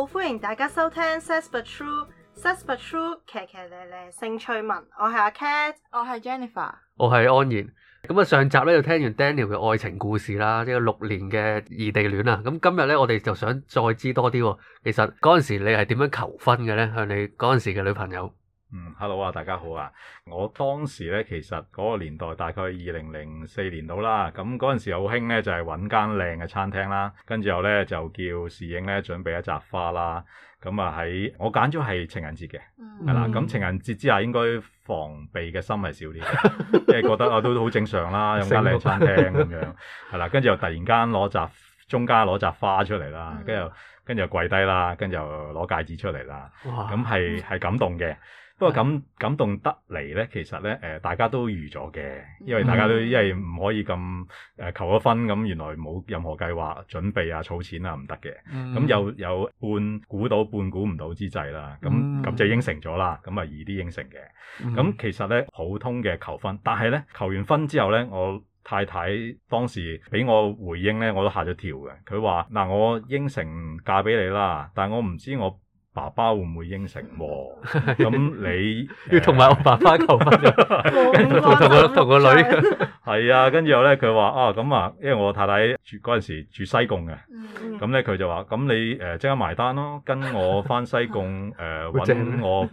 好歡迎大家收聽 Sesper True, Sesper True，奇奇嘞嘞《Sesper True》，《Sesper True》騎騎咧咧，性趣聞。我係阿 Cat，我係 Jennifer，我係安然。咁啊，上集咧就聽完 Daniel 嘅愛情故事啦，即係六年嘅異地戀啊。咁今日咧，我哋就想再知多啲喎。其實嗰陣時你係點樣求婚嘅咧？向你嗰陣時嘅女朋友。嗯，hello 啊，大家好啊！我當時咧，其實嗰個年代大概二零零四年到啦，咁嗰陣時好興咧，就係搵間靚嘅餐廳啦，跟住又咧就叫侍應咧準備一紮花啦，咁啊喺我揀咗係情人節嘅，係啦，咁情人節之下應該防備嘅心係少啲，即係 覺得我都好正常啦，用間靚餐廳咁樣，係啦，跟住又突然間攞紮中間攞紮花出嚟啦，跟住跟住又跪低啦，跟住又攞戒指出嚟啦，咁係係感動嘅。不過感感動得嚟咧，其實咧誒、呃，大家都預咗嘅，因為大家都、mm. 因為唔可以咁誒、呃、求咗婚咁，原來冇任何計劃準備啊、儲錢啊唔得嘅，咁、mm. 嗯、又有半估到半估唔到之際啦，咁、嗯、咁、嗯嗯、就應承咗啦，咁啊易啲應承嘅。咁、嗯嗯、其實咧普通嘅求婚，但係咧求完婚之後咧，我太太當時俾我回應咧，我都嚇咗跳嘅。佢話：嗱，我應承嫁俾你啦，但係我唔知我，我爸爸會唔會應承喎？咁、哦嗯 嗯、你 要同埋我爸爸求婚就，跟住同個同個女嘅，係 啊，跟住後咧佢話啊，咁啊，因為我太太住嗰陣時住西貢嘅，咁咧佢就話，咁你誒即刻埋單咯，跟我返西貢誒搵、呃 啊、我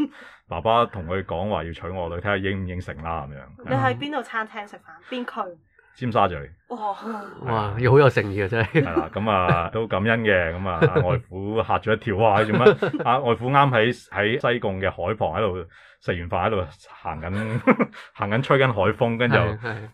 爸爸同佢講話要娶我女，睇下應唔應承啦咁樣。 你喺邊度餐廳食飯？邊區？ 尖沙咀哇哇，又好的有誠意啊，真係的，係啦咁啊都感恩嘅，咁啊外父嚇咗一跳哇！做乜啊 外父啱喺喺西貢嘅海旁喺度食完飯喺度行緊行緊吹緊海風，跟住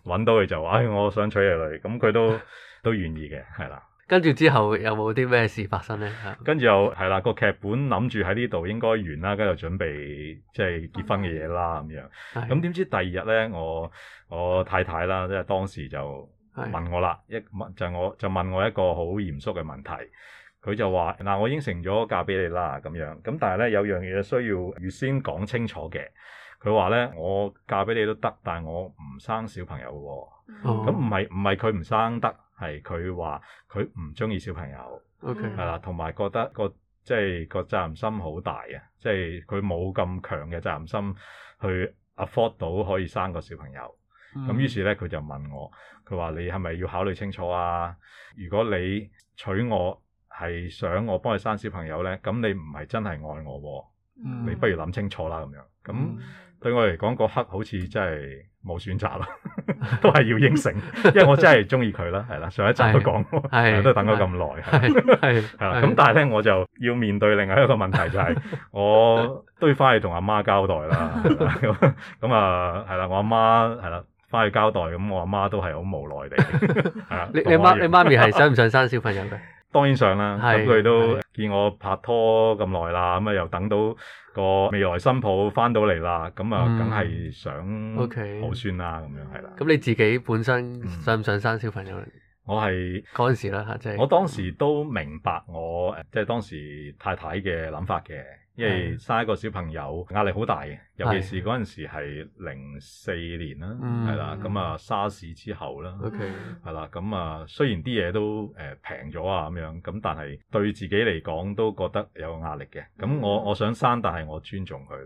揾到佢就話的、哎，我想娶你嚟，咁佢都 都願意嘅，係啦。跟住之後有冇啲咩事發生咧？跟住又係啦，個劇本諗住喺呢度應該完啦，跟住準備即係結婚嘅嘢啦咁樣。咁點是的、嗯、知第二日咧，我我太太啦，即係當時就問我啦，一是的 問就我就問我一個好嚴肅嘅問題。佢就話嗱，我應承咗嫁俾你啦，咁樣。咁但係咧有樣嘢需要預先講清楚嘅。佢話咧，我嫁俾你都得，但係我唔生小朋友喎。咁唔係唔係佢唔生得。係佢話佢唔中意小朋友，係啦 Okay.，同埋覺得個即係個責任心好大嘅，即係佢冇咁強嘅責任心去 afford 到可以生個小朋友。咁於、嗯、是咧，佢就問我，佢話你係咪要考慮清楚啊？如果你娶我係想我幫你生小朋友咧，咁你唔係真係愛我、啊，你不如諗清楚啦、啊。咁、嗯、樣，咁對我嚟講，嗰刻好似真係。冇選擇咯，都係要應承，因為我真係中意佢啦，係啦，上一集都講，都等咗咁耐，係啦。咁但係咧，我就要面對另外一個問題，就係我都要翻去同阿媽交代啦。咁啊，係啦，我阿媽係啦，翻去交代，咁我阿媽都係好無奈地。係啦，你你媽你媽咪係想唔想生小朋友嘅？當然想啦，咁佢是都見我拍拖咁耐啦，咁啊的又等到個未來新抱翻到嚟啦，咁啊梗係想，好算啦，咁樣係啦。咁你自己本身、嗯、想唔想生小朋友？我係嗰陣時啦，即係我當時都明白我，即係當時太太嘅諗法嘅，因為生一個小朋友壓力好大嘅，尤其是嗰陣時係零四年啦，係啦，咁啊沙士之後啦，係啦 Okay.，咁啊雖然啲嘢都誒平咗啊咁樣，咁但係對自己嚟講都覺得有壓力嘅，咁我我想生，但係我尊重佢。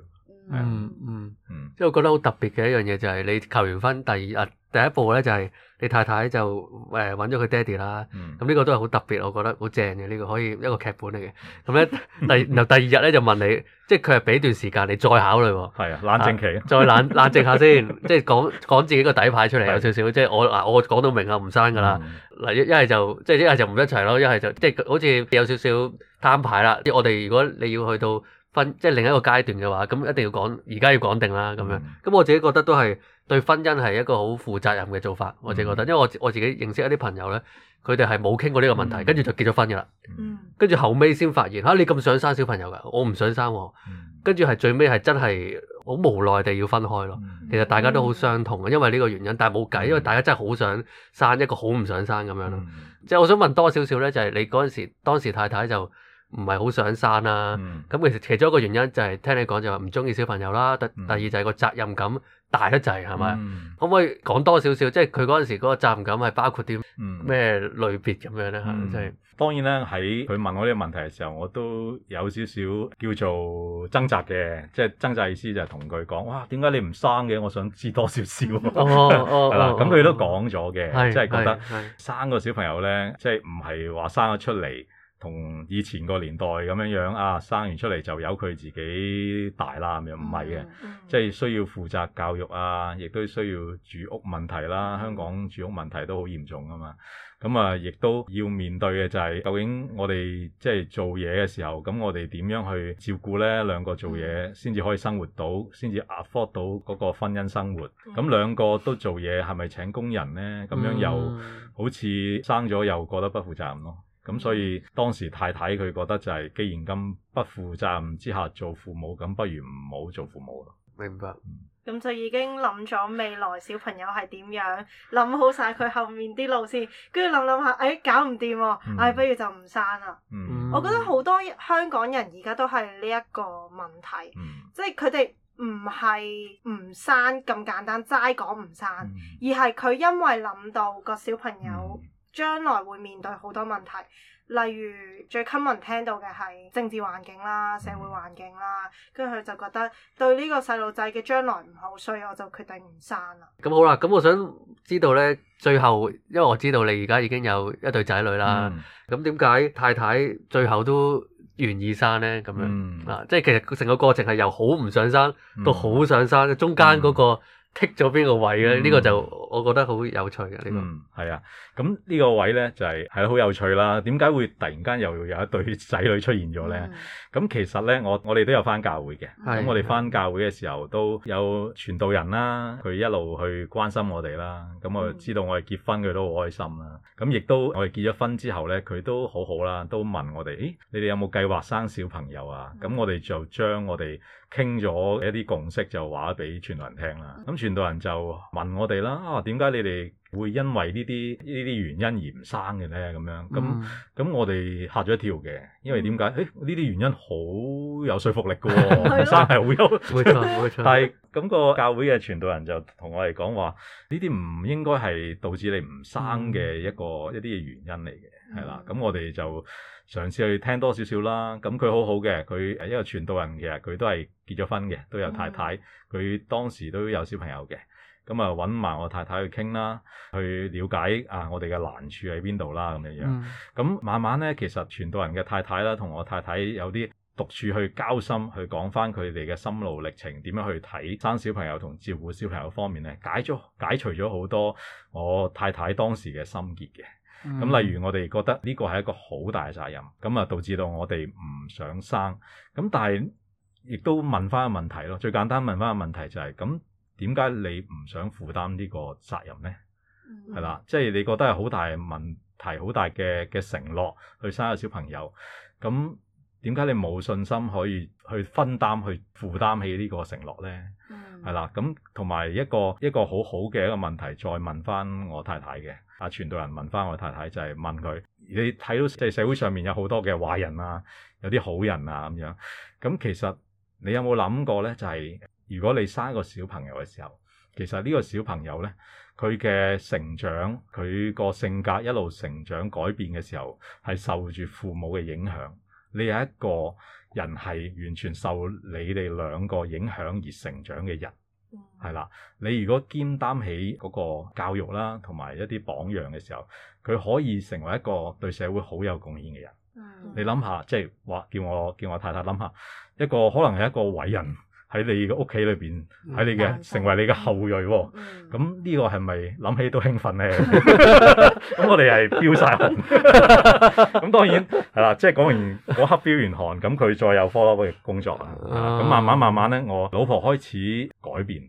嗯嗯嗯，即、嗯、係 我覺得好特別嘅一樣嘢就係你求完婚，第二啊第一步咧就係你太太就誒搵咗佢爹哋啦，咁、呃、呢、嗯、個都係好特別，我覺得好正嘅，呢個可以一個劇本嚟嘅。咁咧第然後第二日咧就問你， 即係佢係俾段時間你再考慮喎。係啊，冷靜期啊，再冷冷靜下先， 即係講講自己個底牌出嚟有少少， 即係我嗱我講到明啊，唔生噶啦嗱一一係就即係一係就唔一齊咯，一係就即係好似有少少攤牌啦。即係我哋如果你要去到。即係另一個階段嘅話，咁一定要講，而家要講定啦咁樣。咁我自己覺得都係對婚姻係一個好負責任嘅做法。我只係覺得，因為我我自己認識一啲朋友咧，佢哋係冇傾過呢個問題，跟住就結咗婚噶啦。跟住後尾先發現嚇，啊，你咁想生小朋友㗎，我唔想生啊。跟住係最尾係真係好無奈地要分開咯。其實大家都好相同嘅，因為呢個原因，但係冇計，因為大家真係好想生一個，好唔想生咁樣咯。即係我想問多少少咧，就係你嗰陣時，當時太太就。唔係好想生啦，咁其實其中一個原因就係聽你講就話唔中意小朋友啦。第第二就係個責任感大得滯，係咪、嗯？可唔可以講多少少？即係佢嗰陣時嗰個責任感係包括啲咩類別咁樣咧？嚇、就是，即係當然啦，喺佢問我呢個問題嘅時候，我都有少少叫做掙扎嘅，即係掙扎意思就係同佢講：哇，點解你唔生嘅？我想知多少少。哦，係啦，咁佢都講咗嘅，即係覺得 is, is, is. 生個小朋友咧，即係唔係話生咗出嚟。同以前個年代咁樣樣啊，生完出嚟就由佢自己大啦咁樣，唔係嘅，mm hmm. 即係需要負責教育啊，亦都需要住屋問題啦、啊。香港住屋問題都好嚴重㗎嘛。咁啊，亦都要面對嘅就係、是，究竟我哋即係做嘢嘅時候，咁我哋點樣去照顧咧？兩個做嘢先至可以生活到，先至 afford 到嗰個婚姻生活。咁兩個都做嘢，係咪請工人咧？咁樣又、mm hmm. 好似生咗又覺得不負責任咯。咁所以當時太太佢覺得就係，既然咁不負責任之下做父母，咁不如唔好做父母咯。明白。咁、嗯、就已經諗咗未來小朋友係點樣，諗好晒佢後面啲路線，跟住諗諗下，誒、哎、搞唔掂喎，誒、嗯哎、不如就唔生啦。嗯、我覺得好多香港人而家都係呢一個問題，嗯、即係佢哋唔係唔生咁簡單，齋講唔生，嗯、而係佢因為諗到個小朋友、嗯。將來會面對好多問題，例如最 common 聽到嘅係政治環境啦、社會環境啦，跟住佢就覺得對呢個細路仔嘅將來唔好，所以我就決定唔生啦。咁好啦，咁我想知道呢最後因為我知道你而家已經有一對仔女啦，咁點解太太最後都願意生呢？咁樣啊，即係其實成個過程係由好唔想生到好想生，中間嗰個。剔咗邊個位咧？呢、嗯、個就我覺得好有趣嘅。嗯，係啊，咁呢個位咧就係係好有趣啦。點解會突然間又有一對仔女出現咗咧？咁是的 其實咧，我我哋都有返教會嘅。咁是的 我哋返教會嘅時候都有傳道人啦，佢一路去關心我哋啦。咁我就知道我哋結婚，佢都好開心啦。咁亦都我哋結咗婚之後咧，佢都好好啦，都問我哋：「誒，你哋有冇計劃生小朋友啊？咁我哋就將我哋傾咗一啲共識就話俾傳道人聽啦。咁傳道人就問我哋啦：啊，點解你哋會因為呢啲呢啲原因而唔生嘅咧？咁樣咁咁、嗯、我哋嚇咗一跳嘅，因為點解？誒呢啲原因好有說服力嘅喎，唔、嗯、生係會有， 了 但係咁、嗰個教會嘅傳道人就同我哋講話，呢啲唔應該係導致你唔生嘅一個、嗯、一啲嘅原因嚟嘅。係啦，咁我哋就嘗試去聽多少少啦。咁佢好好嘅，佢誒一個傳道人，其實佢都係結咗婚嘅，都有太太，佢當時都有小朋友嘅。咁啊揾埋我太太去傾啦，去了解啊我哋嘅難處喺邊度啦，咁樣樣。咁慢慢咧，其實傳道人嘅太太啦，同我太太有啲獨處去交心，去講翻佢哋嘅心路歷程，點樣去睇生小朋友同照顧小朋友方面咧，解咗解除咗好多我太太當時嘅心結嘅。咁、嗯、例如我哋覺得呢個係一個好大嘅責任，咁啊導致到我哋唔想生。咁但係亦都問翻個問題咯。最簡單問翻個問題就係、是：咁點解你唔想負擔呢個責任咧？係、嗯、啦，即、就、係、是、你覺得係好大嘅問題、好大嘅嘅承諾去生個小朋友。咁點解你冇信心可以去分擔、去負擔起呢個承諾咧？係、嗯、啦，咁同埋一個一個好好嘅一個問題，再問翻我太太嘅。啊！傳道人問翻我太太，就係問佢：你睇到即係社會上面有好多嘅壞人啊，有啲好人啊咁樣。咁其實你有冇諗過咧？就係如果你生一個小朋友嘅時候，其實呢個小朋友咧，佢嘅成長、佢個性格一路成長改變嘅時候，係受住父母嘅影響。你有一個人係完全受你哋兩個影響而成長嘅人。係啦，你如果肩擔起嗰個教育啦，同埋一啲榜樣嘅時候，佢可以成為一個對社會好有貢獻嘅人。的你諗下，即係話叫我叫我太太諗下，一個可能係一個偉人。喺你嘅屋企裏面，喺你嘅成為你嘅後裔喎、哦、咁、嗯、呢、嗯這個係咪諗起都興奮呢？咁我哋係飆晒汗，咁當然係啦、哎，即係講完嗰刻飆完汗，咁佢再有 follow 嘅工作啦、哎嗯嗯嗯嗯嗯，慢慢慢慢咧，我老婆開始改變。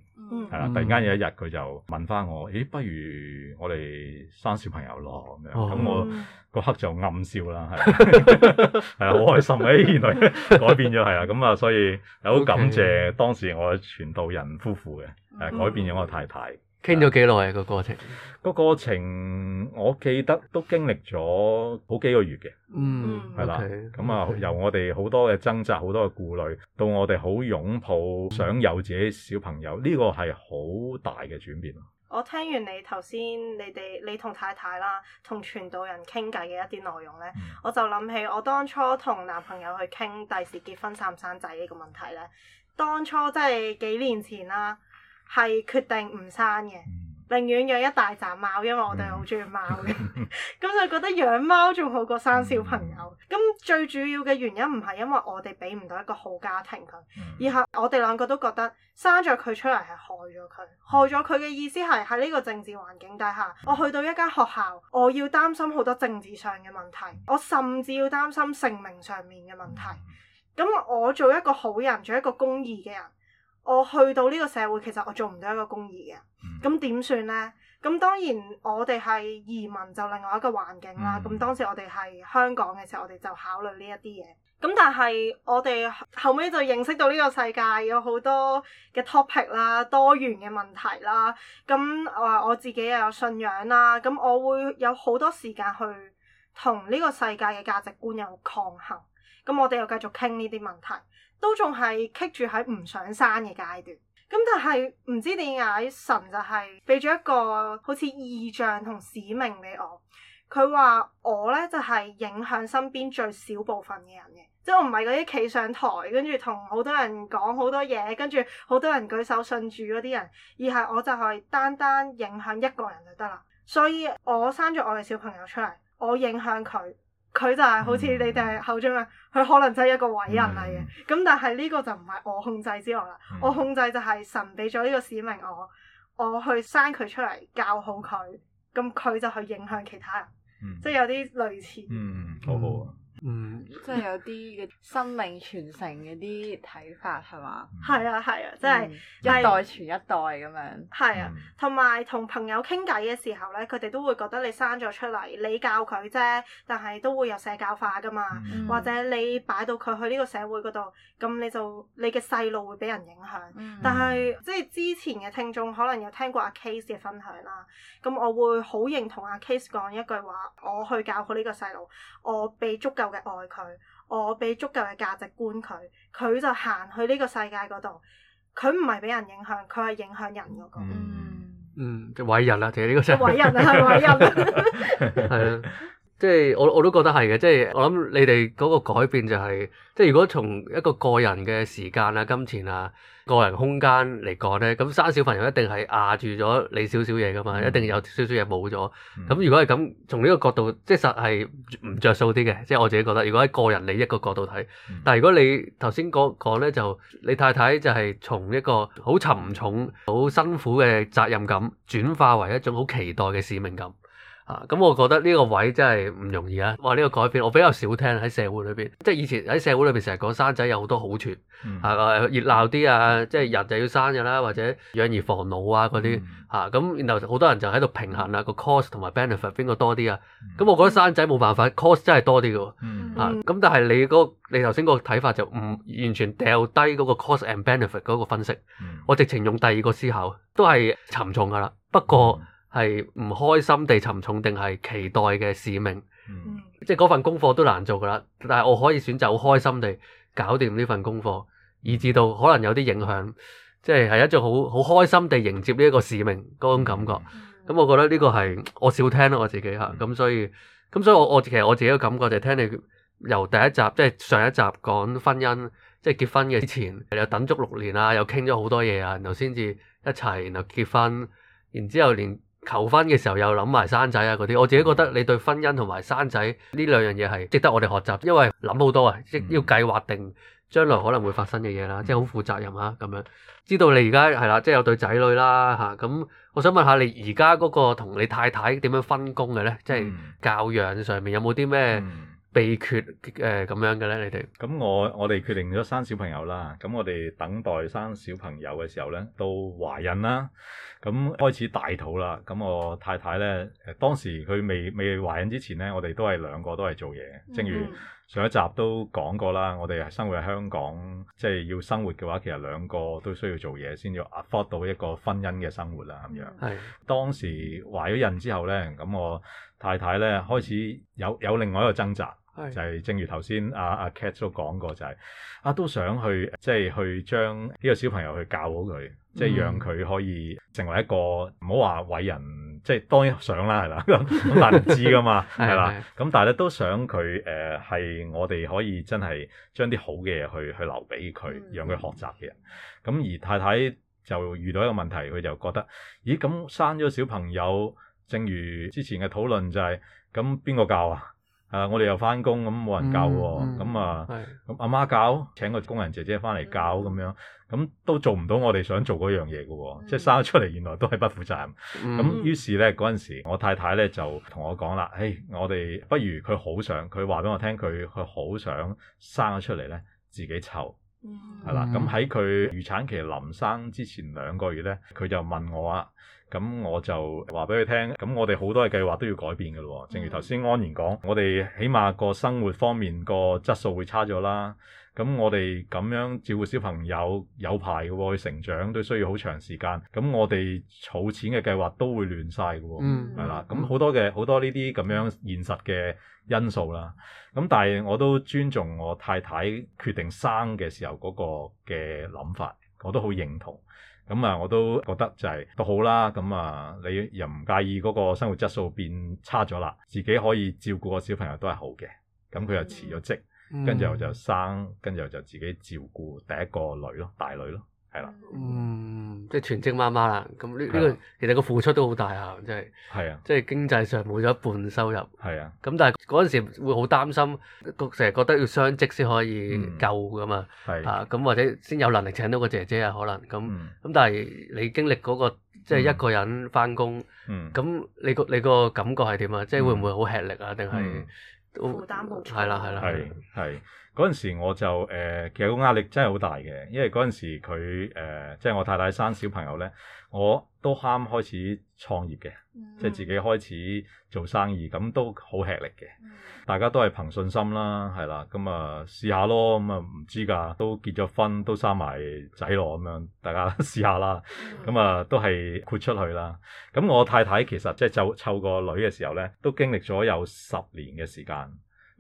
係啦、嗯，突然間有一日佢就問翻我，咦誒、哎，不如我哋生小朋友咯咁、哦、樣，咁我嗰刻就暗笑啦，係啊，好開心嘅，原來改變咗，係啊，咁啊，所以好感謝 Okay. 當時我嘅傳道人夫婦嘅，誒改變咗我太太。嗯 傾咗幾耐啊、個過程，個過程我記得都經歷咗好幾個月嘅，嗯，係啦，咁啊由我哋好多嘅掙扎，好 okay. 多嘅顧慮，到我哋好擁抱，想有自己小朋友，呢個係好大嘅轉變。我聽完你頭先你哋你同太太啦，同傳道人傾偈嘅一啲內容呢，嗯、我就諗起我當初同男朋友去傾第時結婚生唔生仔呢個問題呢，當初即係幾年前啦。係決定唔生嘅，寧願養一大扎貓，因為我哋好中意貓嘅，咁 就覺得養貓仲好過生小朋友。咁最主要嘅原因唔係因為我哋俾唔到一個好家庭佢，而係我哋兩個都覺得生咗佢出嚟係害咗佢，害咗佢嘅意思係喺呢個政治環境底下，我去到一間學校，我要擔心好多政治上嘅問題，我甚至要擔心性命上面嘅問題。咁我做一個好人，做一個公義嘅人。我去到呢個社會，其實我做唔到一個公義嘅，咁點算呢？咁當然我哋係移民就另外一個環境啦。咁、嗯、當時我哋係香港嘅時候，我哋就考慮呢一啲嘢。咁但係我哋後尾就認識到呢個世界有好多嘅 topic 啦、多元嘅問題啦。咁我話我自己又有信仰啦，咁我會有好多時間去同呢個世界嘅價值觀有抗衡。咁我哋又繼續傾呢啲問題。都仲係棘住喺唔想生嘅階段，咁但係唔知點解神就係俾咗一個好似異象同使命俾我。佢話我呢就係影響身邊最少部分嘅人嘅，即係我唔係嗰啲企上台跟住同好多人講好多嘢，跟住好多人舉手信主嗰啲人，而係我就係單單影響一個人就得啦，所以我生咗我嘅小朋友出嚟，我影響佢。佢就係好似你哋係後進嘅，佢可能就係一個偉人嚟嘅。咁、嗯、但係呢個就唔係我控制之外啦，嗯、我控制就係神俾咗呢個使命我，我去生佢出嚟教好佢，咁佢就去影響其他人，嗯、即係有啲類似。嗯，好好啊。嗯，即係有啲嘅生命傳承啲睇法係嘛？係啊係啊，即係、嗯、一代傳一代咁樣。係啊，同埋同朋友傾偈嘅時候咧，佢哋都會覺得你生咗出嚟，你教佢啫，但係都會有社交化噶嘛，嗯、或者你擺到佢去呢個社會度，咁你就你嘅細路會俾人影響。嗯、但係即係之前嘅聽眾可能有聽過阿 Case 嘅分享啦，咁我會好認同阿 Case 講一句話：我去教佢呢個細路，我被足夠。我嘅愛佢，我俾足夠嘅價值觀佢，佢就行去呢個世界嗰度，佢唔係俾人影響，佢係影響人嗰個。嗯，嗯，就偉人啦，就係呢個就。偉人啊，係偉人。係啊。 即係我我都覺得係嘅，即係我諗你哋嗰個改變就係、是，即係如果從一個個人嘅時間啊、金錢啊、個人空間嚟講呢，咁生小朋友一定係壓住咗你少少嘢噶嘛，嗯、一定有少少嘢冇咗。咁、嗯、如果係咁，從呢個角度，即係實係唔着數啲嘅，即係我自己覺得。如果喺個人利益個角度睇，嗯、但係如果你頭先講講呢，就你太太就係從一個好沉重、好辛苦嘅責任感轉化為一種好期待嘅使命感。啊，咁我覺得呢個位真係唔容易啊！哇，呢、這個改變我比較少聽喺社會裏邊，即係以前喺社會裏邊成日講生仔有好多好處，嗯、啊熱鬧啲啊，即係人就要生嘅啦、啊，或者養兒防老啊嗰啲吓，咁、啊、然後好多人就喺度平衡啊，個 cost 同埋 benefit 邊個多啲啊？咁、嗯啊、我覺得生仔冇辦法，cost 真係多啲嘅喎，嗯、啊咁但係你嗰你頭先嗰個睇法就唔完全掉低嗰個 cost and benefit 嗰個分析，嗯、我直情用第二個思考都係沉重噶啦，不過。嗯係唔開心地沉重定係期待嘅使命？嗯、即係嗰份功課都難做㗎啦，但係我可以選擇好開心地搞掂呢份功課，以至到可能有啲影響，即係係一種好好開心地迎接呢一個使命嗰種感覺。咁我覺得呢個係我少聽咯，我自己嚇。咁、啊嗯嗯、所以咁所以我我其實我自己嘅感覺就係聽你由第一集即係上一集講婚姻，即係結婚嘅之前又等足六年啊，又傾咗好多嘢啊，然後先至一齊，然後結婚，然之後連。求婚嘅時候又諗埋生仔啊嗰啲，我自己覺得你對婚姻同埋生仔呢兩樣嘢係值得我哋學習，因為諗好多啊，即要計劃定將來可能會發生嘅嘢啦，即係好負責任啊咁樣。知道你而家係啦，即係有對仔女啦吓，咁、啊、我想問下你而家嗰個同你太太點樣分工嘅呢？即係教養上面有冇啲咩？秘訣誒，咁樣嘅咧，你哋咁、嗯、我我哋決定咗生小朋友啦，咁我哋等待生小朋友嘅時候咧，到懷孕啦，咁開始大肚啦，咁我太太咧，當時佢未未懷孕之前咧，我哋都係兩個都係做嘢，正如。上一集都講過啦，我哋生活喺香港，即係要生活嘅話，其實兩個都需要做嘢先至 afford 到一個婚姻嘅生活啦咁樣。係是當時懷咗孕之後咧，咁我太太咧，開始有有另外一個掙扎，是就係正如頭先阿阿 Cat 都講過，就是，就係啊都想去即係，就是，去將呢個小朋友去教好佢，嗯、即係讓佢可以成為一個唔好話偉人。即係當然想啦，係啦，唔知噶嘛，係啦 的。咁的但係咧都想佢誒係我哋可以真係將啲好嘅嘢去去留俾佢，讓佢學習嘅。咁的而太太就遇到一個問題，佢就覺得，咦咁生咗小朋友，正如之前嘅討論就係、係，咁邊個教啊？Uh, 啊！我哋又翻工咁冇人教喎，咁啊，咁阿媽教，請個工人姐姐翻嚟教咁樣，咁都做唔到我哋想做嗰樣嘢嘅喎，的即係生咗出嚟原來都係不負責任。咁、嗯、於是咧嗰陣時，我太太咧就同我講啦，誒，我哋不如佢好想，佢話俾我聽，佢佢好想生咗出嚟咧自己湊，係啦。咁喺佢預產期臨生之前兩個月咧，佢就問我啊。咁我就話俾佢聽，咁我哋好多嘅計劃都要改變嘅咯。正如頭先安然講，我哋起碼個生活方面個質素會差咗啦。咁我哋咁樣照顧小朋友有排嘅喎，佢成長都需要好長時間。咁我哋儲錢嘅計劃都會亂晒嘅喎，係啦、嗯。咁好多嘅好、嗯、多呢啲咁樣現實嘅因素啦。咁但係我都尊重我太太決定生嘅時候嗰個嘅諗法，我都好認同。咁啊、嗯，我都覺得就係、是、都好啦。咁、嗯、啊，你又唔介意嗰個生活質素變差咗啦，自己可以照顧個小朋友都係好嘅。咁佢又辭咗職，跟住又就生，跟住又就自己照顧第一個女咯，大女咯。係啦，嗯，即係全職媽媽啦，咁呢呢個其實個付出都好大吓，即係，係啊的，即係經濟上冇咗一半收入，係啊的，咁但係嗰陣時會好擔心，個成日覺得要雙職先可以夠噶嘛，係的啊，咁或者先有能力請到個姐姐啊，可能，咁咁但係你經歷嗰、那個即係一個人返工，咁的你個你個感覺係點啊？即係會唔會好喫力啊？定係？負擔好重，係啦係啦，係係。嗰陣時我就誒、呃，其實個壓力真係好大嘅，因為嗰陣時佢誒、呃，即係我太太生小朋友呢，我都啱開，開始創業嘅。嗯、即係自己開始做生意咁都好吃力嘅，嗯、大家都係憑信心啦，係啦，咁啊試下咯，咁啊唔知㗎，都結咗婚，都生埋仔咯咁樣，大家試下啦，咁、嗯、啊、嗯嗯、都係豁出去啦。咁、嗯、我太太其實即係湊湊個女嘅時候咧，都經歷咗有十年嘅時間，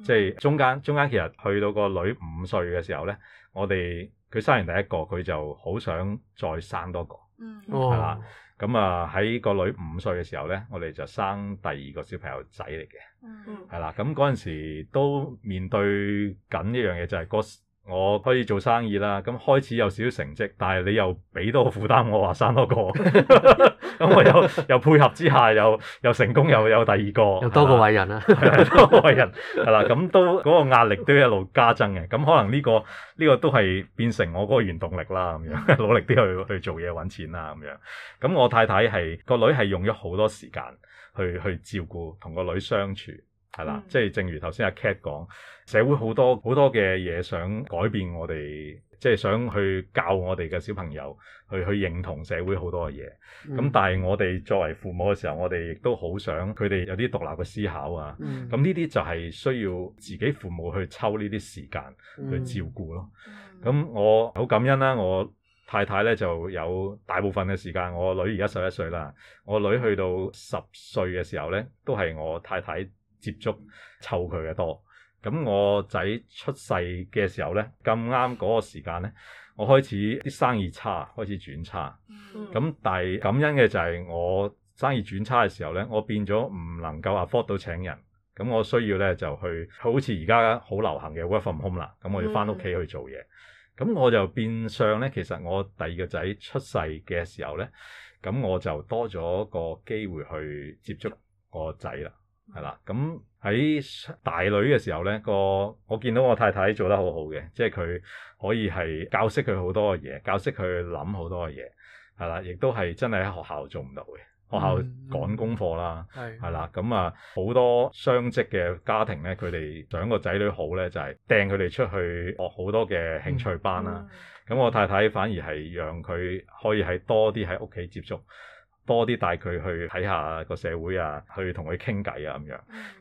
即係中間中間其實去到個女五歲嘅時候咧，我哋佢生完第一個，佢就好想再生多個。嗯，係啦、mm，咁啊喺個女五歲嘅時候咧，我哋就生第二個小朋友仔嚟嘅，嗯、mm，係、hmm. 啦，咁嗰陣時都面對緊一樣嘢，就係個。我可以做生意啦，咁開始有少少成績，但係你又俾多負擔我，話生多個，咁 我又 又配合之下，又又成功又，又有第二個， 吧又多個偉人啦， 多個偉人係啦，咁都嗰、嗰個壓力都要一路加增嘅，咁可能呢、呢個呢、呢個都係變成我嗰個原動力啦，咁樣努力啲去去做嘢揾錢啦，咁樣，咁我太太係個女係用咗好多時間去去照顧同個女相處。係啦，即係正如頭先阿 Cat 講，社會好多好多嘅嘢想改變我哋，即係想去教我哋嘅小朋友去去認同社會好多嘅嘢。咁、嗯、但係我哋作為父母嘅時候，我哋亦都好想佢哋有啲獨立嘅思考啊。咁呢啲就係需要自己父母去抽呢啲時間去照顧咯。咁、嗯嗯、我好感恩啦、啊，我太太咧就有大部分嘅時間，我女而家十一歲啦。我女去到十歲嘅時候咧，都係我太太。接觸湊佢嘅多，咁我仔出世嘅時候咧，咁啱嗰個時間咧，我開始啲生意差，開始轉差。咁但係感恩嘅就係我生意轉差嘅時候咧，我變咗唔能夠 afford 到請人，咁我需要咧就去好似而家好流行嘅 work from home 啦，咁我要翻屋企去做嘢。咁、嗯、我就變相咧，其實我第二個仔出世嘅時候咧，咁我就多咗個機會去接觸個仔啦。係啦，咁喺大女嘅時候咧，個我見到我太太做得好好嘅，即係佢可以係教識佢好多嘅嘢，教識佢諗好多嘅嘢，係啦，亦都係真係喺學校做唔到嘅。學校趕功課啦，係啦、嗯，咁啊好多雙職嘅家庭咧，佢哋想個仔女好咧，就係掟佢哋出去學好多嘅興趣班啦。咁、嗯、我太太反而係讓佢可以喺多啲喺屋企接觸。多啲帶佢去睇下個社會啊，去同佢傾偈啊咁樣。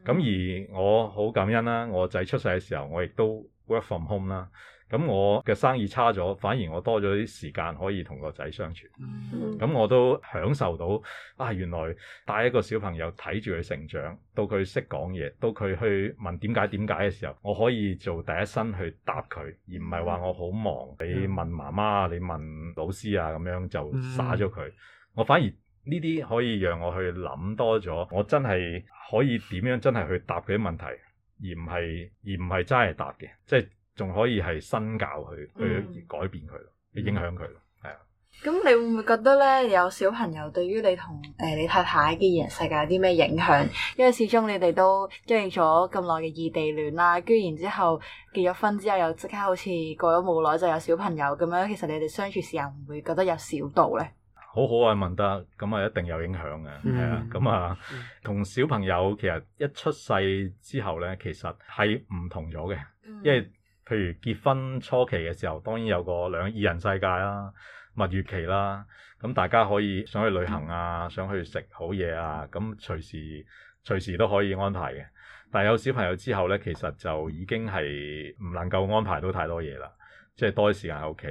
咁、mm hmm. 而我好感恩啦、啊，我仔出世嘅時候，我亦都 work from home 啦、啊。咁我嘅生意差咗，反而我多咗啲時間可以同個仔相處。咁、mm hmm. 我都享受到啊，原來帶一個小朋友睇住佢成長，到佢識講嘢，到佢去問點解點解嘅時候，我可以做第一身去答佢，而唔係話我好忙，mm hmm. 你問媽媽，你問老師啊咁樣就殺咗佢。Mm hmm. 我反而～呢啲可以讓我去諗多咗，我真係可以點樣真係去答佢啲問題，而唔係而唔係齋係答嘅，即係仲可以係身教佢去改變佢，嗯、去影響佢咯，係啊。咁你會唔會覺得咧，有小朋友對於你同誒、呃、你太太嘅二人世界有啲咩影響？因為始終你哋都經歷咗咁耐嘅異地戀啦、啊，居然之後結咗婚之後又即刻好似過咗冇耐就有小朋友咁樣，其實你哋相處時候唔會覺得有少到咧？好好啊，問得咁啊，一定有影響嘅，係、嗯、啊，咁啊，同、嗯、小朋友其實一出世之後咧，其實係唔同咗嘅，嗯、因為譬如結婚初期嘅時候，當然有個兩二人世界啦、蜜月期啦，咁大家可以想去旅行啊，嗯、想去食好嘢啊，咁隨時隨時都可以安排嘅。但係有小朋友之後咧，其實就已經係唔能夠安排到太多嘢啦，即係多啲時間喺屋企，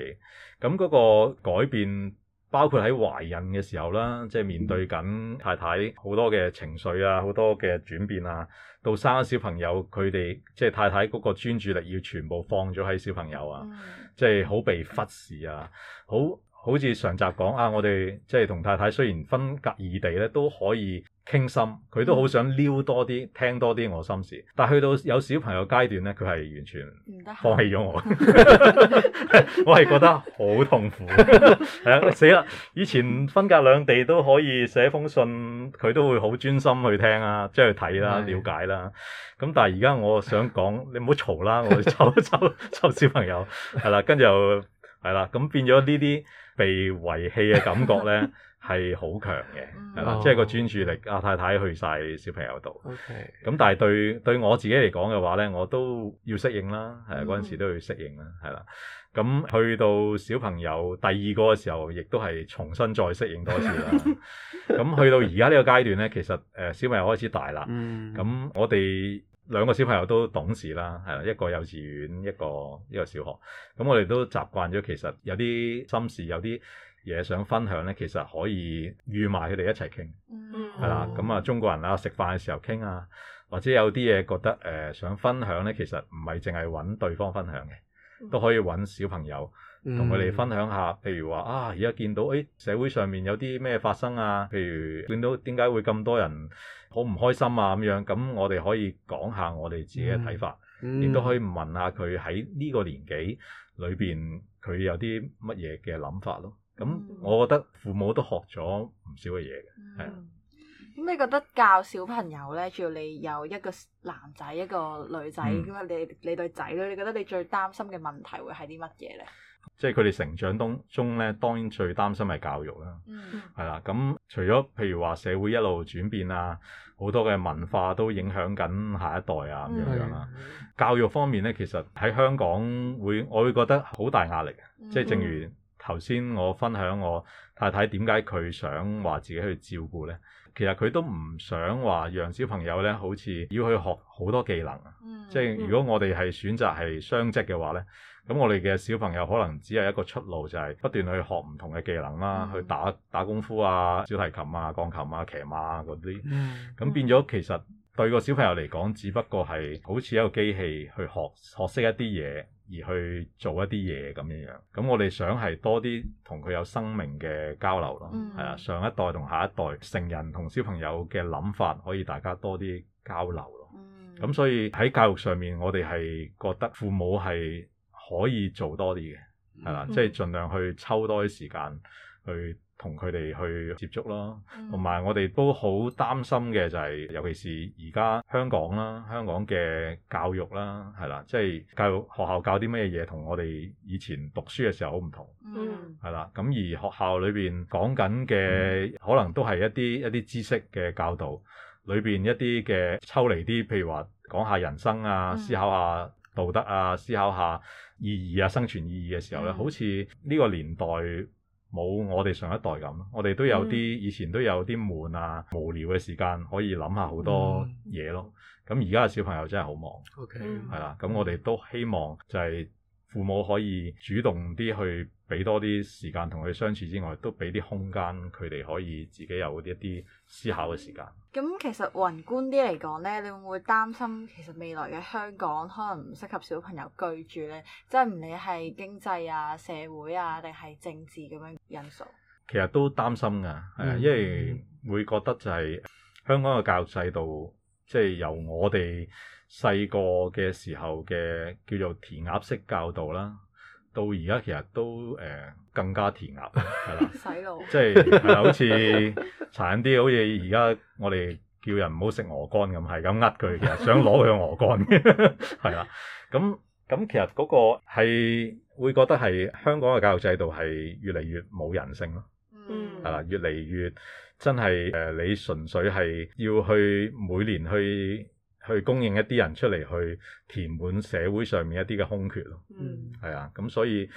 咁嗰個改變。包括喺懷孕嘅時候啦，即係面對緊太太好多嘅情緒啊，好多嘅轉變啊，到生咗小朋友，佢哋即係太太嗰個專注力要全部放咗喺小朋友啊，即係好被忽視啊，好。好似上集講啊，我哋即係同太太雖然分隔異地咧，都可以傾心，佢都好想撩多啲，聽多啲我心事。但係去到有小朋友階段咧，佢係完全放棄咗我， 我係覺得好痛苦，係 啊死啦！以前分隔兩地都可以寫封信，佢都會好專心去聽啊，即係去睇啦、了解啦、啊。咁但係而家我想講，你唔好嘈啦，我湊湊湊小朋友係啦，跟住又。係啦，咁變咗呢啲被遺棄嘅感覺咧，係好 強嘅，係啦，oh. 即係個專注力，阿太太去晒小朋友度，咁 Okay. 但係對對我自己嚟講嘅話咧，我都要適應啦，係嗰陣時都要適應啦，係啦，咁、mm. 去到小朋友第二個嘅時候，亦都係重新再適應多次啦。咁 去到而家呢個階段咧，其實誒、呃、小朋友開始大啦，咁、mm. 我哋。兩個小朋友都懂事啦，係啦，一個幼稚園，一個一個小學，咁、嗯、我哋都習慣咗。其實有啲心事，有啲嘢想分享咧，其實可以預埋佢哋一齊傾，係啦、嗯。咁啊，嗯嗯、中國人啊，食飯嘅時候傾啊，或者有啲嘢覺得誒、呃、想分享咧，其實唔係淨係揾對方分享嘅，都可以揾小朋友同佢哋分享下。譬如話啊，而家見到誒、哎、社會上面有啲咩發生啊，譬如見到點解會咁多人，好唔開心啊咁樣，咁我哋可以講下我哋自己嘅睇法，亦都、嗯、可以問下佢喺呢個年紀裏邊佢有啲乜嘢嘅諗法咯。咁、嗯、我覺得父母都學咗唔少嘅嘢嘅，係、嗯。咁的、嗯、你覺得教小朋友咧，仲要你有一個男仔一個女仔咁啊？你、嗯、你對仔女，你覺得你最擔心嘅問題會係啲乜嘢咧？即係佢哋成長當中咧，當然最擔心係教育啦、啊。係啦、mm，咁、hmm. 除咗譬如話社會一路轉變啊，好多嘅文化都影響緊下一代啊咁樣樣啦、啊。Mm hmm. 教育方面咧，其實喺香港會我會覺得好大壓力。即係、mm hmm. 正如頭先我分享我，我太太點解佢想話自己去照顧咧？其實佢都唔想話讓小朋友咧，好似要去學好多技能。即係、mm hmm. 如果我哋係選擇係雙職嘅話咧。咁我哋嘅小朋友可能只係一個出路，就係不斷去學唔同嘅技能啦，嗯、去打打功夫啊、小提琴啊、鋼琴啊、騎馬啊嗰啲。咁變咗其實對個小朋友嚟講，只不過係好似一個機器去學學識一啲嘢，而去做一啲嘢咁樣。咁我哋想係多啲同佢有生命嘅交流咯，係、嗯、啊，上一代同下一代、成人同小朋友嘅諗法可以大家多啲交流咯。咁、嗯、所以喺教育上面，我哋係覺得父母係。可以做多啲嘅，係啦，嗯、即係盡量去抽多啲時間去同佢哋去接觸咯。同埋、嗯、我哋都好擔心嘅就係、是，尤其是而家香港啦，香港嘅教育啦，係啦，即、就、係、是、教育學校教啲咩嘢，同我哋以前讀書嘅時候好唔同，係啦、嗯。咁而學校裏邊講緊嘅可能都係一啲、嗯、一啲知識嘅教導，裏邊一啲嘅抽離啲，譬如話講下人生啊，嗯、思考下道德啊，思考下。意義啊，生存意義嘅時候咧，是的 好似呢個年代冇我哋上一代咁，我哋都有啲以前都有啲悶啊，無聊嘅時間可以諗下好多嘢咯。咁而家嘅小朋友真係好忙，OK，係啦。咁我哋都希望就係、是。父母可以主動啲去俾多啲時間同佢相處之外，都俾啲空間，佢哋可以自己有一啲思考嘅時間。咁、嗯、其實宏觀啲嚟講咧，你會唔會擔心其實未來嘅香港可能唔適合小朋友居住咧？即係唔理係經濟啊、社會啊，定係政治咁樣因素。其實都擔心噶，係啊、嗯，因為會覺得就係香港嘅教育制度即係由我哋。細個嘅時候嘅叫做填鴨式教導啦，到而家其實都誒、呃、更加填鴨，係啦， 即係 好似殘啲，好似而家我哋叫人唔好食鵝肝咁，係咁呃佢，其實想攞佢鵝肝嘅，係啦， 咁咁其實嗰個係會覺得係香港嘅教育制度係越嚟越冇人性咯，嗯，係啦，越嚟越真係誒、呃，你純粹係要去每年去。去供應一啲人出嚟，去填滿社會上面一啲嘅空缺咯。嗯，係啊，咁所以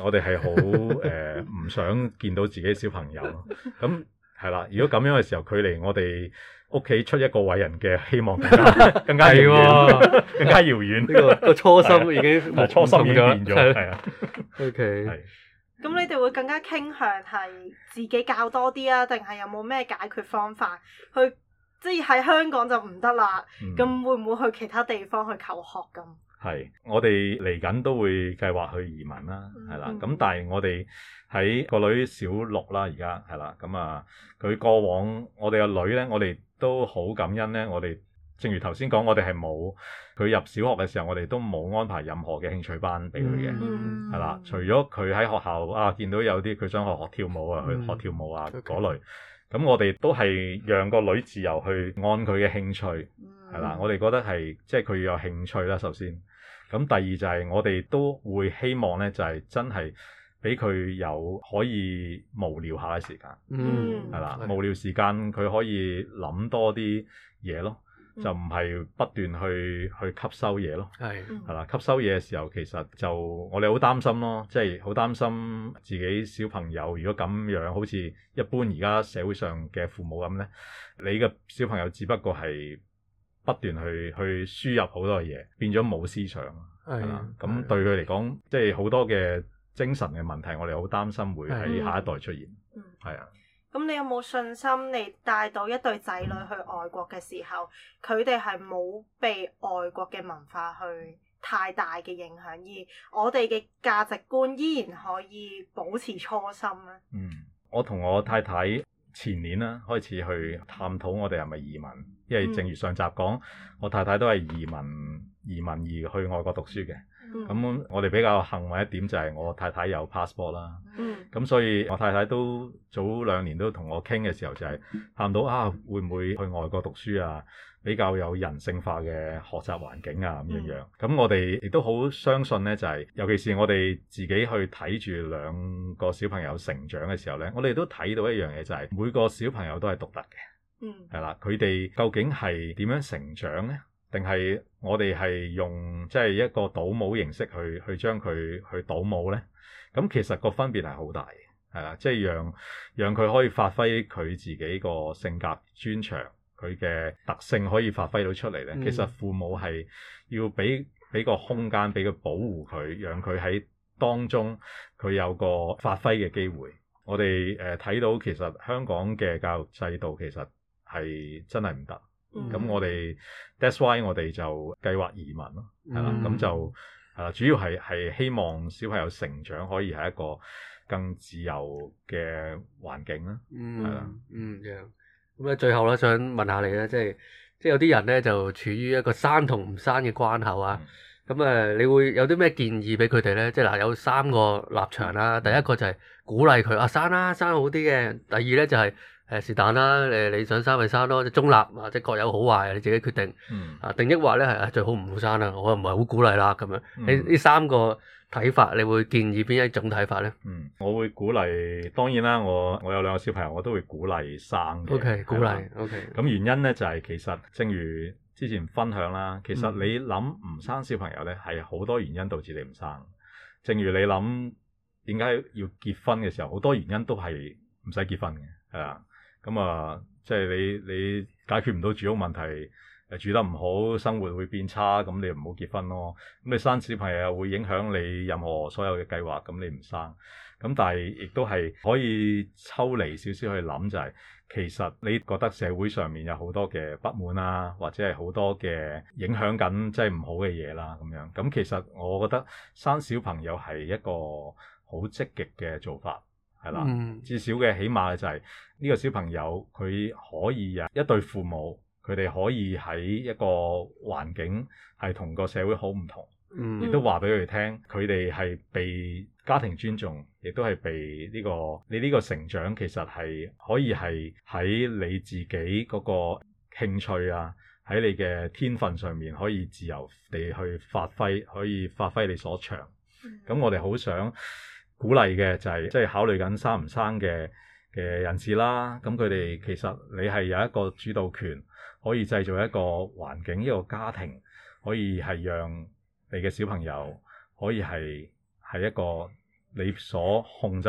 我哋係好誒，唔、 呃、想見到自己小朋友。咁係啦，如果咁樣嘅時候，距離我哋屋企出一個偉人嘅希望更加遠，更加遙遠。呢的、啊這個、這個初心已經初心已經變咗，係啊的。OK，係。咁你哋會更加傾向係自己教多啲啊？定係有冇咩解決方法去？即係喺香港就唔得啦，咁、嗯、會唔會去其他地方去求學咁？係，我哋嚟緊都會計劃去移民啦，係、嗯、啦。咁但係我哋喺個女小六啦，而家係啦。咁啊，佢過往我哋嘅女咧，我哋都好感恩咧。我哋正如頭先講，我哋係冇佢入小學嘅時候，我哋都冇安排任何嘅興趣班俾佢嘅，係、嗯、啦。除咗佢喺學校啊，見到有啲佢想學跳，學跳舞啊，去學跳舞啊嗰類。咁我哋都係讓個女自由去按佢嘅興趣，嗯，係啦。我哋覺得係即係佢要有興趣啦，首先。咁第二就係我哋都會希望咧，就係，係，真係俾佢有可以無聊下嘅時間，嗯，係啦。嘅。無聊時間佢可以諗多啲嘢咯。就唔係不斷去去吸收嘢咯，係係啦。吸收嘢嘅時候，其實就我哋好擔心咯，即係好擔心自己小朋友如果咁樣，好似一般而家社會上嘅父母咁咧，你嘅小朋友只不過係不斷去去輸入好多嘢，變咗冇思想，係啦的。咁的對佢嚟講，即係好多嘅精神嘅問題，我哋好擔心會喺下一代出現，係啊的。的咁你有冇信心？你帶到一對仔女去外國嘅時候，佢哋係冇被外國嘅文化去太大嘅影響，而我哋嘅價值觀依然可以保持初心咧。嗯，我同我太太前年啦，開始去探討，我哋係咪移民？因為正如上集講，嗯、我太太都係移民移民而去外國讀書嘅。咁、嗯、我哋比較幸運一點就係我太太有 passport 啦，咁、嗯、所以我太太都早兩年都同我傾嘅時候就係諗到啊，會唔會去外國讀書啊？比較有人性化嘅學習環境啊咁樣樣。咁、嗯、我哋亦都好相信咧，就係尤其是我哋自己去睇住兩個小朋友成長嘅時候咧，我哋都睇到一樣嘢就係每個小朋友都係獨特嘅，係啦、嗯，佢哋究竟係點樣成長咧？定係我哋係用即係一個倒模形式去去將佢去倒模咧，咁其實個分別係好大嘅，係啊，即係讓讓佢可以發揮佢自己個性格專長，佢嘅特性可以發揮到出嚟咧。嗯、其實父母係要俾俾個空間，俾佢保護佢，讓佢喺當中佢有個發揮嘅機會。我哋誒睇到其實香港嘅教育制度其實係真係唔得。咁、嗯、我哋 That's why 我哋就計劃移民咯，係啦，咁就誒主要係係希望小朋友成長可以係一個更自由嘅環境啦，係啦、嗯，嗯，咁、嗯、咧、嗯、最後咧想問下你咧，即係即係有啲人咧就處於一個生同唔生嘅關口啊，咁誒、嗯，你會有啲咩建議俾佢哋咧？即係嗱，有三個立場啦，嗯嗯、第一個就係鼓勵佢啊生啦，生好啲嘅，第二咧就係、是。誒是但啦，誒你，你想生咪生咯，即中立或者各有好壞，你自己決定。嗯、啊，定益話咧係啊，最好唔好生啊，我又唔係好鼓勵啦咁樣。呢呢、嗯、三個睇法，你會建議邊一種睇法咧？嗯，我會鼓勵，當然啦，我我有兩個小朋友，我都會鼓勵生嘅。O、okay, K，鼓勵。O K 吧。咁 okay. 原因咧就係、是、其實正如之前分享啦，其實你諗唔生小朋友咧係好多原因導致你唔生。正如你諗點解要結婚嘅時候，好多原因都係唔使結婚嘅，係啊。咁啊，即係、就是、你你解決唔到住屋問題，住得唔好，生活會變差，咁你唔好結婚咯。咁你生小朋友又會影響你任何所有嘅計劃，咁你唔生。咁但係亦都係可以抽離少少去諗、就是，就係其實你覺得社會上面有好多嘅不滿啊，或者係好多嘅影響緊即係唔好嘅嘢啦咁樣。咁其實我覺得生小朋友係一個好積極嘅做法。係啦，至少嘅起碼就係呢個小朋友，佢可以啊一對父母，佢哋可以喺一個環境係同個社會好唔同，嗯，亦都話俾佢哋聽，佢哋係被家庭尊重，亦都係被呢個你呢個成長其實係可以係喺你自己嗰個興趣啊，喺你嘅天分上面可以自由地去發揮，可以發揮你所長。咁我哋好想鼓勵嘅就係即係考慮緊生唔生嘅嘅人士啦，咁佢哋其實你係有一個主導權，可以製造一個環境，一個家庭可以係讓你嘅小朋友可以係喺一個你所控制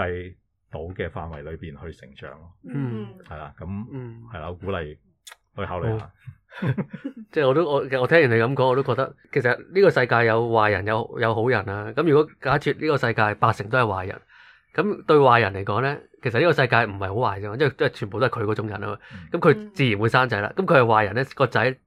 到嘅範圍裏邊去成長咯。嗯，係啦，咁，嗯，係啦，鼓勵去考慮下。即係 我都我我聽人哋咁講，我都覺得其實呢個世界有壞人有有好人啊。咁如果假設呢個世界八成都係壞人，咁對壞人嚟講呢，其實呢個世界唔係好壞咋嘛，因為因為全部都係佢嗰種人啊嘛。咁佢自然會生仔啦。咁佢係壞人呢，個仔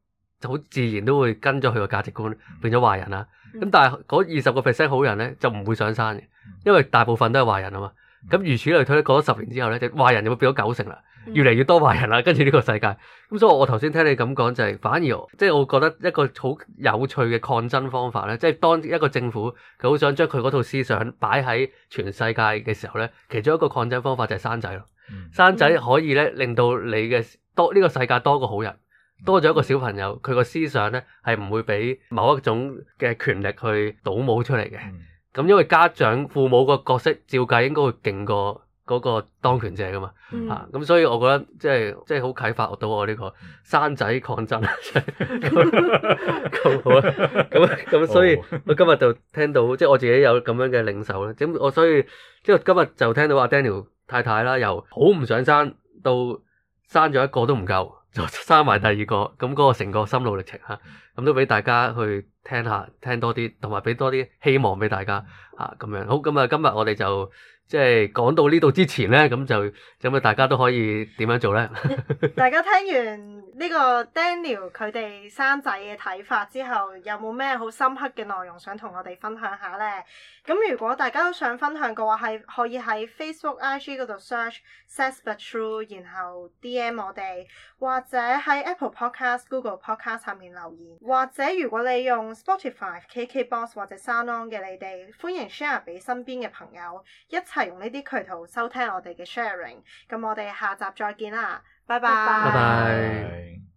就好自然都會跟咗佢個價值觀，變咗壞人啦。咁但係嗰二十個 percent 好人呢，就唔會想生嘅，因為大部分都係壞人啊嘛。咁如此類推咧，過咗十年之後呢，就壞人就會變咗九成啦，越嚟越多壞人啦，跟住呢個世界。咁所以，我頭先聽你咁講，就係反而，即係我覺得一個好有趣嘅抗爭方法呢，即係當一個政府佢好想將佢嗰套思想擺喺全世界嘅時候呢，其中一個抗爭方法就係生仔咯。生仔可以呢令到你嘅多呢個世界多個好人，多咗一個小朋友，佢個思想呢係唔會俾某一種嘅權力去倒冇出嚟嘅。咁因為家長父母個角色照計應該會勁過嗰個當權者㗎嘛，嚇咁、mm hmm. 啊、所以我覺得即係即係好啟發到我呢、呢個生仔抗爭，咁好啦，咁咁、 嗯嗯嗯、所以我今日就聽到即係我自己有咁樣嘅領受。啦，咁我所以即係今日就聽到阿 Daniel 太太啦，由好唔想生到生咗一個都唔夠。就生埋第二個，咁嗰個成個心路歷程嚇，咁、啊、都俾大家去聽下，聽多啲，同埋畀多啲希望俾大家嚇咁、啊、樣。好，咁啊今日我哋就～即係講到呢度之前咧，咁就有冇大家都可以點樣做咧？ 大家聽完呢個 Daniel 佢哋生仔嘅睇法之後，有冇咩好深刻嘅內容想同我哋分享下咧？咁如果大家都想分享嘅話，係可以喺 Facebook、IG 度 search Sass But True，然後 DM 我哋，或者喺 Apple Podcast、Google Podcast 上面留言，或者如果你用 Spotify、KKBox 或者 SoundOn 嘅你哋，歡迎 share 俾身邊嘅朋友一齊。用呢啲渠道收聽我哋嘅 sharing，咁我哋下集再見啦，拜拜，拜拜。